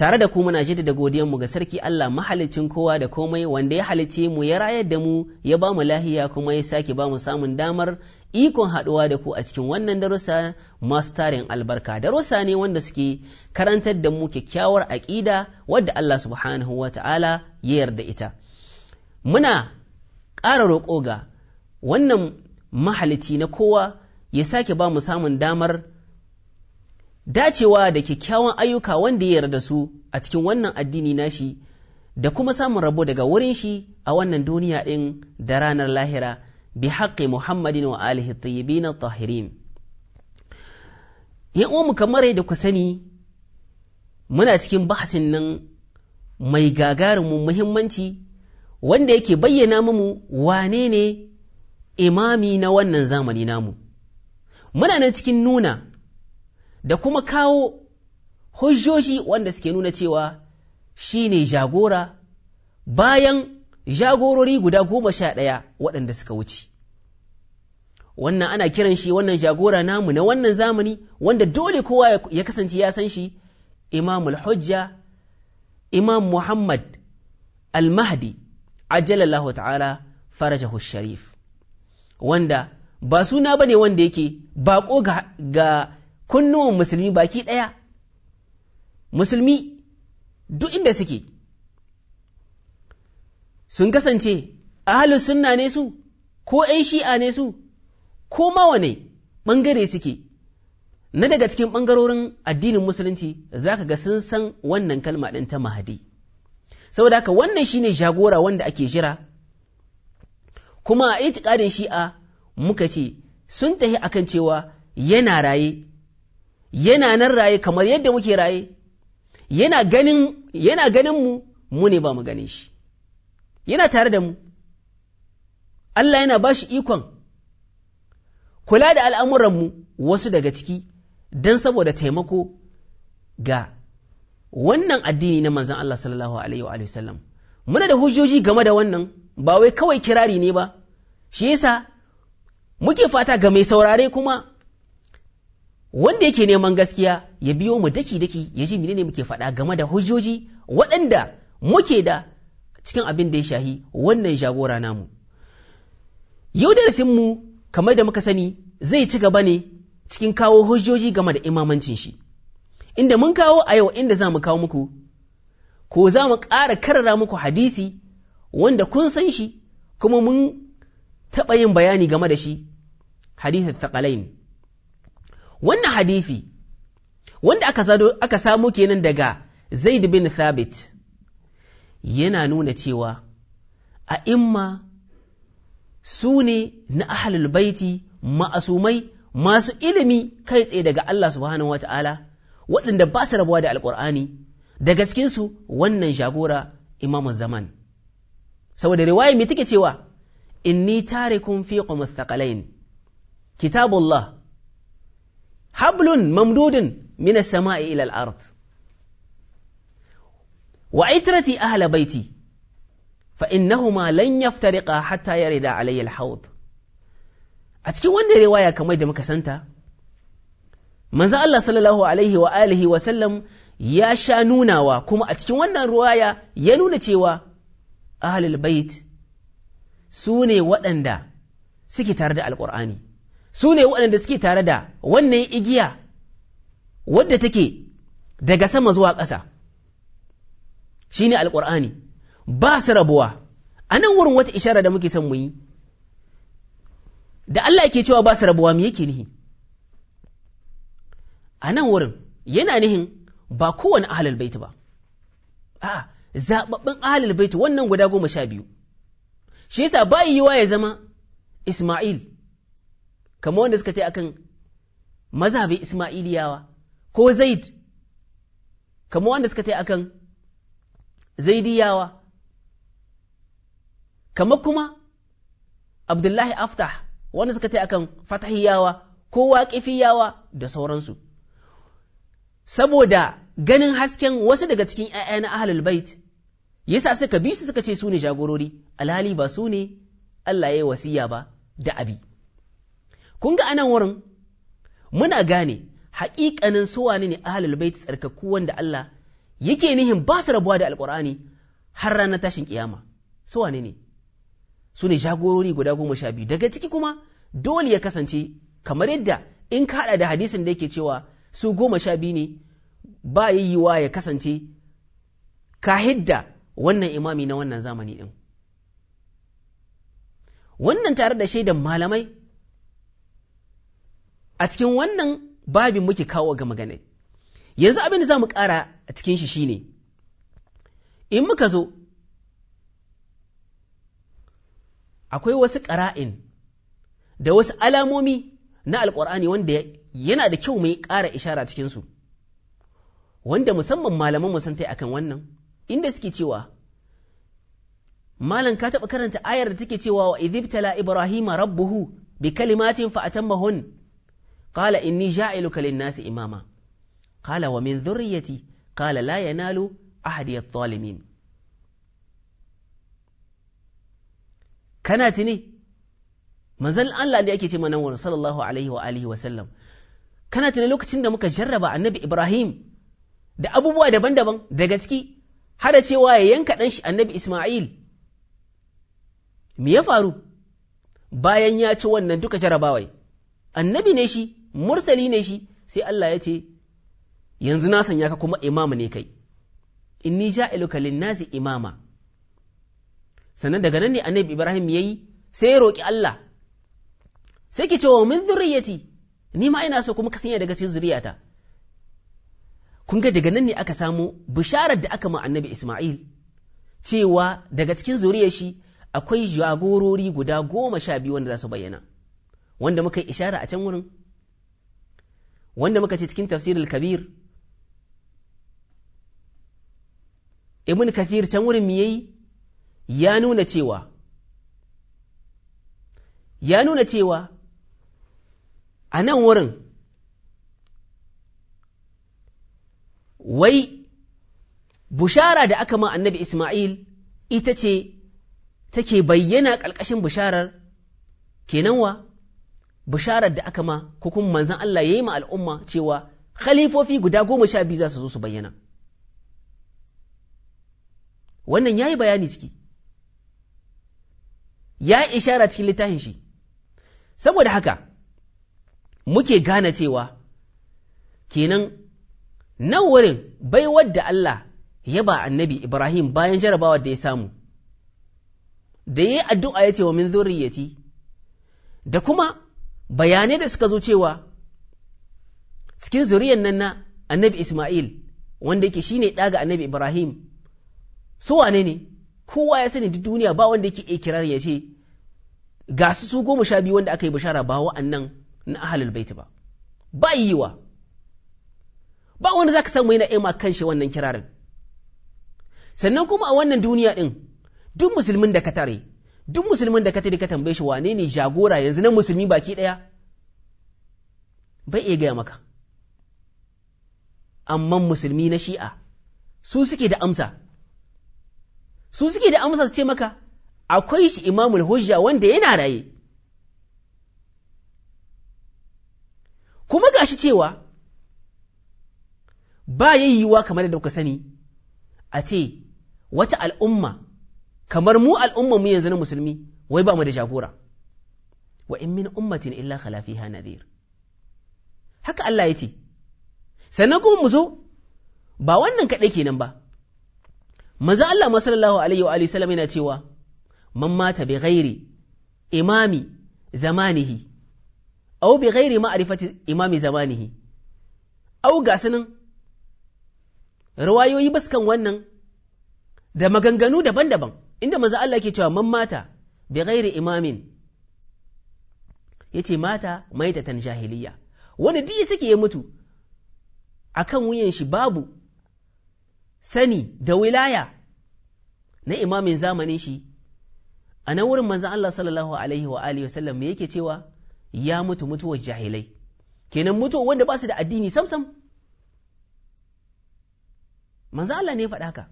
tare da ku muna da godiyar mu ga sarki Allah mahalicin kowa da komai wanda ya halice mu ya rayar da mu ya ba mu lahiya kuma ya sake ba mu samun damar ikon haɗuwa da ku a cikin wannan darussa masu tarin albarka darussa ne wanda suke karantar da mu kyakkyawar aƙida wadda Allah subhanahu wa ta'ala ya yarda ita muna ƙara roƙo ga wannan mahalici na kowa ya sake ba mu samun damar dacewa da kyakkyawan ayyuka wanda ya yarda su a cikin wannan addini nashi da kuma samun rabo daga wurin shi a wannan duniya ɗin da ranar lahira bi haƙƙi muhammadin wa alihi tayyibin tahirin yan mu kamar yadda ku sani muna cikin bahasin nan mai gagarumin muhimmanci wanda yake bayyana mu wane ne imami na wannan zamani namu muna nan cikin nuna da kuma kawo hujjoji wanda suke nuna cewa shi ne jagora bayan jagorori guda goma sha ɗaya waɗanda suka wuce. Wannan ana kiran shi wannan jagora namu na wannan zamani wanda dole kowa ya kasance ya san shi Imamul Hujja, Imam Muhammad Al-Mahdi, ajalallahu ta'ala farajahu sharif, wanda ba suna ba ne wanda yake baƙo ga kunnuwan musulmi baki ɗaya musulmi duk inda suke sun kasance halin sunna ne su ko ‘yan shi'a ne su ko ma wane ɓangare suke na daga cikin ɓangarorin addinin musulunci za ka ga sun san wannan kalma ɗin ta mahadi saboda haka wannan shine jagora wanda ake jira kuma a itikadin shi'a muka ce sun tahi akan cewa yana raye yana nan raye kamar yadda muke raye yana ganin mu mu ne ba mu ganin shi yana tare da mu Allah yana ba shi ikon kula da al'amuranmu wasu daga ciki don saboda taimako ga wannan addini na manzan Allah sallallahu alaihi wa sallam muna da hujjoji game da wannan ba wai kawai kirari ne ba shi yasa muke fata ga mai saurare kuma wanda yake neman gaskiya ya biyo mu daki-daki ya ji menene muke faɗa game da hujjoji waɗanda muke da cikin abin da ya shahi wannan jagora namu yau darasin mu kamar da muka sani zai ci gaba ne cikin kawo hujjoji game da imamancin shi inda mun kawo a yau inda za mu kawo muku ko za mu ƙara karara muku hadisi wanda kun san shi kuma mun taɓa yin bayani game da shi hadisi thaqalain wannan hadithi wanda aka samo samu kenan daga Zaid bin Thabit yana nuna cewa a imma su ne na ahlul baiti ma'asumai masu ilimi kai tsaye daga Allah subhanahu wata'ala waɗanda ba su rabuwa da alƙur'ani daga cikinsu wannan jagora imamu zaman saboda riwaya mai take cewa inni tarikum fi qumuth thaqalain kitabullah حبل ممدود من السماء إلى الأرض وعترتي أهل بيتي فإنهما لن يفترقا حتى يرد علي الحوض أتكي وانا رواية كما يدمك سنتا ماذا الله صلى الله عليه وآله وسلم يا شانونا وكما أتكي وانا رواية ينونة و أهل البيت سوني وأندا سكي ترد القرآني su ne waɗanda suke tare da wannan igiya wadda take daga sama zuwa ƙasa shi ne alƙur'ani ba su rabuwa a nan wurin wata ishara da muke son mu yi da Allah yake cewa ba su rabuwa me yake nihi a nan wurin yana nihin ba kowane ahalar baitu ba a zaɓaɓɓen ahalar baitu wannan guda goma sha biyu shi yasa ba yiwuwa ya zama Ismail kamar wanda suka ta akan mazhabin Ismailiyawa ko Zaid kamar wanda suka ta akan Zaidiyawa kamar kuma Abdullahi Aftah wanda suka ta akan Fatahiyawa ko Waqifiyawa da sauransu saboda ganin hasken wasu daga cikin ‘ya'ya na ahalul bait yasa suka bi su suka ce su ne jagorori alhali ba su ne Allah ya wasiya ba da abi kun ga anan wurin muna gane haƙiƙanin suwane ne ahalul bai tsarkaku wanda Allah yake nihin ba su rabuwa da alƙur'ani har ranar tashin kiyama suwane ne su ne jagorori guda goma sha biyu daga ciki kuma dole ya kasance kamar yadda in ka haɗa da hadisin da yake cewa su goma sha biyu ne ba yiwa ya kasance ka hidda wannan imami na wannan zamani ɗin wannan tare da shaidan malamai a cikin wannan babin muke kawo ga magana yanzu abin da za mu ƙara a cikin shi shine in muka zo akwai wasu ƙara'in da wasu alamomi na alƙur'ani wanda yana da kyau mai ƙara ishara cikinsu wanda musamman malaman sun akan wannan inda suke cewa malam ka taɓa karanta ayar da take cewa wa idibtala ibrahima rabbuhu bi kalimatin fa atammahun قال إني جاعلك للناس إماما قال ومن ذريتي قال لا ينال أحد الظالمين kana tuni manzon Allah da yake ce mana wani sallallahu alaihi wa alihi wa sallam kana tuni lokacin da muka jarraba annabi Ibrahim da abubuwa daban-daban daga ciki har da cewa ya yanka ɗan shi annabi Ismail me ya faru bayan ya ci wannan duka jarrabawai annabi ne shi mursali ne shi sai Allah ya ce yanzu na sanya ka kuma imama ne kai inni ja'iluka linnasi imama sannan daga nan ne annabi Ibrahim yayi sai ya roki Allah sai ki ce wa min zurriyati ni ma ina so kuma ka sanya daga cikin zuriyata kun ga daga nan ne aka samu bisharar da aka ma annabi Ismail cewa daga cikin zuriyar shi akwai jagorori guda goma sha biyu wanda za su bayyana wanda muka yi ishara a can wurin wanda muka ce cikin tafsirin kabir ibn kathir can wurin me yayi ya nuna cewa ya nuna cewa a nan wurin wai bushara da aka ma annabi Ismail ita ce take bayyana ƙalƙashin bisharar kenan wa bisharar da aka ma ko kuma manzon Allah ya yi ma al'umma cewa khalifofi guda goma sha biyu za su zo su bayyana wannan ya yi bayani ciki ya ishara cikin littafin shi saboda haka muke gane cewa kenan nan wurin baiwar da Allah ya ba annabi Ibrahim bayan jarabawa da ya samu da ya yi addu'a ya ce wa min zurriyati da kuma bayanai da suka zo cewa cikin zuriyar nan na annabi Ismail wanda yake shine ɗa ga annabi Ibrahim su wane ne kowa ya sani duk duniya ba wanda yake ikirar ya ce ga su su goma sha biyu wanda aka yi bishara ba wa'annan na ahalul baiti ba ba yiwa ba wanda zaka samu yana ima kan shi wannan kirarin sannan kuma a wannan duniya din duk musulmin da ka tare duk musulmin da ka tare ka tambaye shi wane ne jagora yanzu na musulmi baki ɗaya bai iya gaya maka amma musulmi na shi'a su suke da amsa su suke da amsa su ce maka akwai shi imamul hujja wanda yana raye kuma gashi cewa ba yayyuwa kamar da kuka sani a ce wata al'umma kamar mu al'umma mu yanzu na musulmi wai ba mu da jagora wa in min ummatin illa khala fiha nadhir haka Allah ya ce sannan kuma mu zo ba wannan kaɗai kenan ba manzo Allah sallallahu alaihi wa alihi yana cewa man mata bi ghairi imami zamanihi aw bi ghairi ma'rifati imami zamanihi aw ga sanin riwayoyi baskan wannan da maganganu daban-daban inda manzo Allah ke cewa man mata bi ghairi imamin yace mata maitatan jahiliya wani duk suke mutu akan wuyan shi babu sani da wilaya na imamin zamanin shi a nan wurin manzo Allah sallallahu alaihi wa alihi wasallam me yake cewa ya mutu mutuwar jahilai kenan mutuwar wanda ba su da addini sam sam manzo Allah ne faɗa haka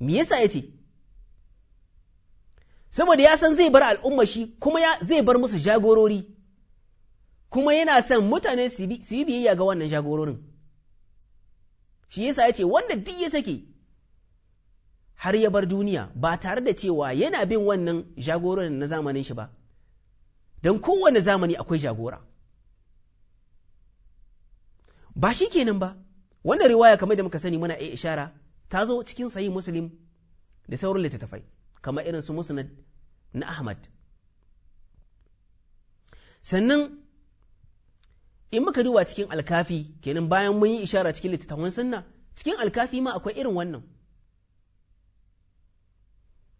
me yasa yace saboda ya san zai bar al'umma shi kuma zai bar musu jagorori kuma yana san mutane su yi biyayya ga wannan jagororin shi yasa ya ce wanda duk ya sake har ya bar duniya ba tare da cewa yana bin wannan jagororin na zamanin shi ba don kowane zamani akwai jagora ba shi kenan ba wannan riwaya kamar da muka sani muna iya ishara ta zo cikin sayi muslim da sauran littattafai kamar irin su musnad na Ahmad sannan in muka duba cikin alkafi kenan bayan mun yi ishara cikin littattafan sunna cikin alkafi ma akwai irin wannan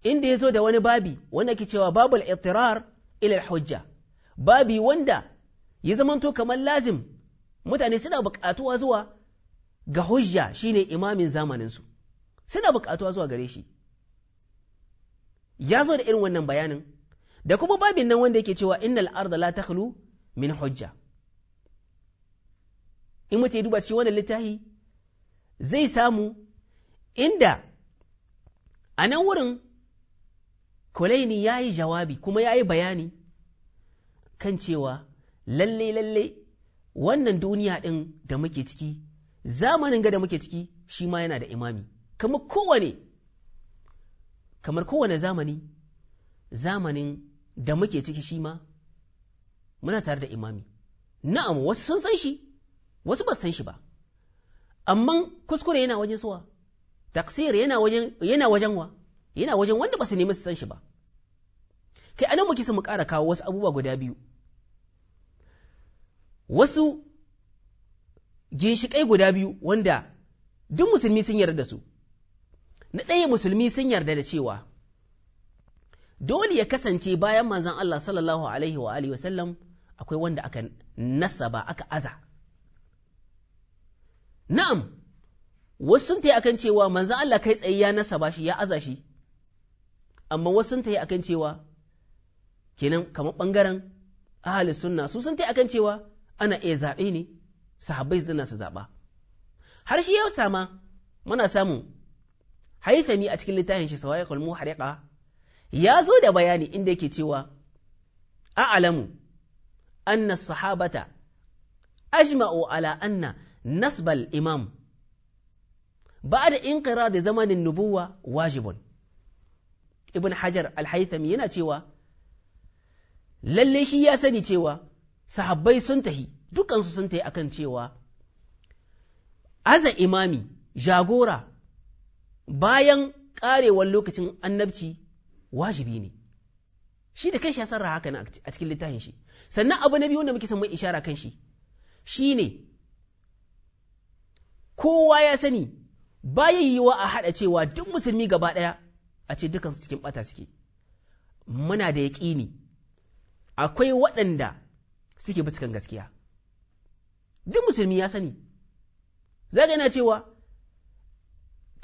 inda ya zo da wani babi wanda ke cewa babu ittirar ilal hujja babi wanda ya zamanto kamar lazim mutane suna buƙatuwa zuwa ga hujja shine imamin zamaninsu suna buƙatuwa zuwa gare shi ya zo da irin wannan bayanin da kuma babin nan wanda yake cewa innal arda la takhlu min hujja in mace duba cikin wannan littafi zai samu inda a nan wurin Kulaini ya yi jawabi kuma ya yi bayani kan cewa lalle lalle wannan duniya ɗin da muke ciki zamanin ga da muke ciki shi ma yana da imami kamar kowane kamar kowane zamani zamanin da muke ciki shi ma muna tare da imami na'am wasu sun san shi wasu ba san shi ba amma kuskure yana wajen suwa taksir yana wajen yana wajen wa yana wajen wanda ba su nemi su san shi ba kai anan muke mu ƙara kawo wasu abubuwa guda biyu wasu ginshiƙai guda biyu wanda duk musulmi sun yarda da su na ɗaya musulmi sun yarda da cewa dole ya kasance bayan manzon Allah sallallahu alaihi wa alihi wasallam akwai wanda aka nasaba aka aza na'am wasu sun tayi akan cewa manzon Allah kai tsaye ya nasaba shi ya aza shi amma wasu sun tayi akan cewa kenan kamar ɓangaren ahli sunna su sun tayi akan cewa ana iya zaɓe ne sahabbai suna su zaɓa har shi yau sama muna samun haithami a cikin littafin shi sawaiqul muhariqa ya zo da bayani inda yake cewa a'lamu anna sahabata ajma'u ala anna nasbal imam ba'da da zamanin nubuwa wajibun ibn hajar al-haythami yana cewa lalle shi ya sani cewa sahabbai sun tahi dukansu sun tahi akan cewa aza imami jagora bayan ƙarewar lokacin annabci wajibi ne shi da kanshi ya sarra haka na a cikin littafin shi sannan abu na biyu wanda muke son mai ishara kan shi ne. kowa ya sani bayan yiwa a haɗa cewa duk musulmi gaba ɗaya a ce dukansu cikin ɓata suke muna da yaƙini akwai waɗanda suke bisa gaskiya duk musulmi ya sani zaga yana cewa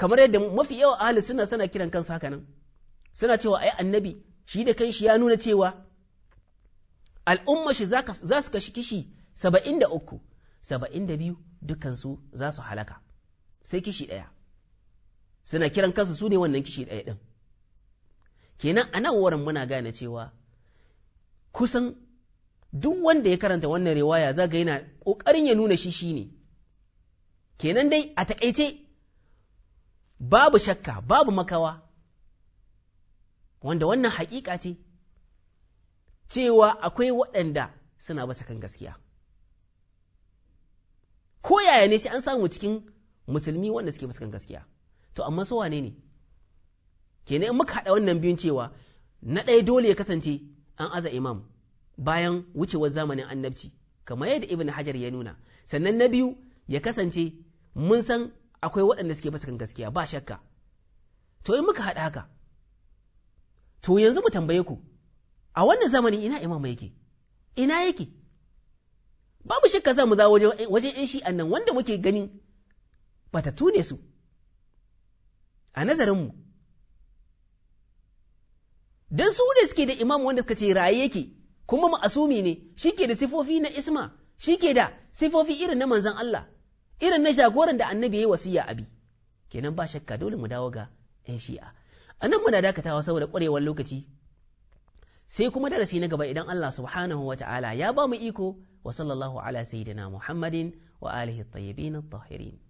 kamar yadda mafi yawa ahli suna suna kiran kansu haka nan suna cewa ai annabi shi da kanshi ya nuna cewa al'umma shi za su kashi kishi saba'in da uku saba'in da biyu dukansu za su halaka sai kishi ɗaya suna kiran kansu su ne wannan kishi ɗaya ɗin kenan a nan wurin muna gane cewa kusan duk wanda ya karanta wannan riwaya za ga yana ƙoƙarin ya nuna shi shi ne kenan dai a taƙaice babu shakka babu makawa wanda wannan hakika ce cewa akwai waɗanda suna basa kan gaskiya ko yaya ne sai an samu cikin musulmi wanda suke basa kan gaskiya to amma su wane ne kenan in muka haɗa wannan biyun cewa na ɗaya dole ya kasance an aza imam bayan wucewar zamanin annabci kamar yadda ibn hajar ya nuna sannan na biyu ya kasance mun san akwai waɗanda suke masa kan gaskiya ba shakka to in muka haɗa haka to yanzu mu tambaye ku a wannan zamani ina imama yake ina yake babu shakka za mu za wajen ‘yan shi'an nan wanda muke ganin bata tune su a nazarinmu don su ne suke da imam wanda suka ce raye yake kuma mu asumi ne shi ke da sifofi na isma shi ke da sifofi irin na manzan Allah irin na jagoran da annabi ya yi wasiya abi kenan ba shakka dole mu dawo ga 'yan shi'a nan muna dakatawa saboda ƙwarewar lokaci sai kuma darasi na gaba idan Allah subhanahu wa ta'ala ya ba mu iko wa sallallahu ala sayyidina Muhammadin wa alihi at-tayyibin tahirin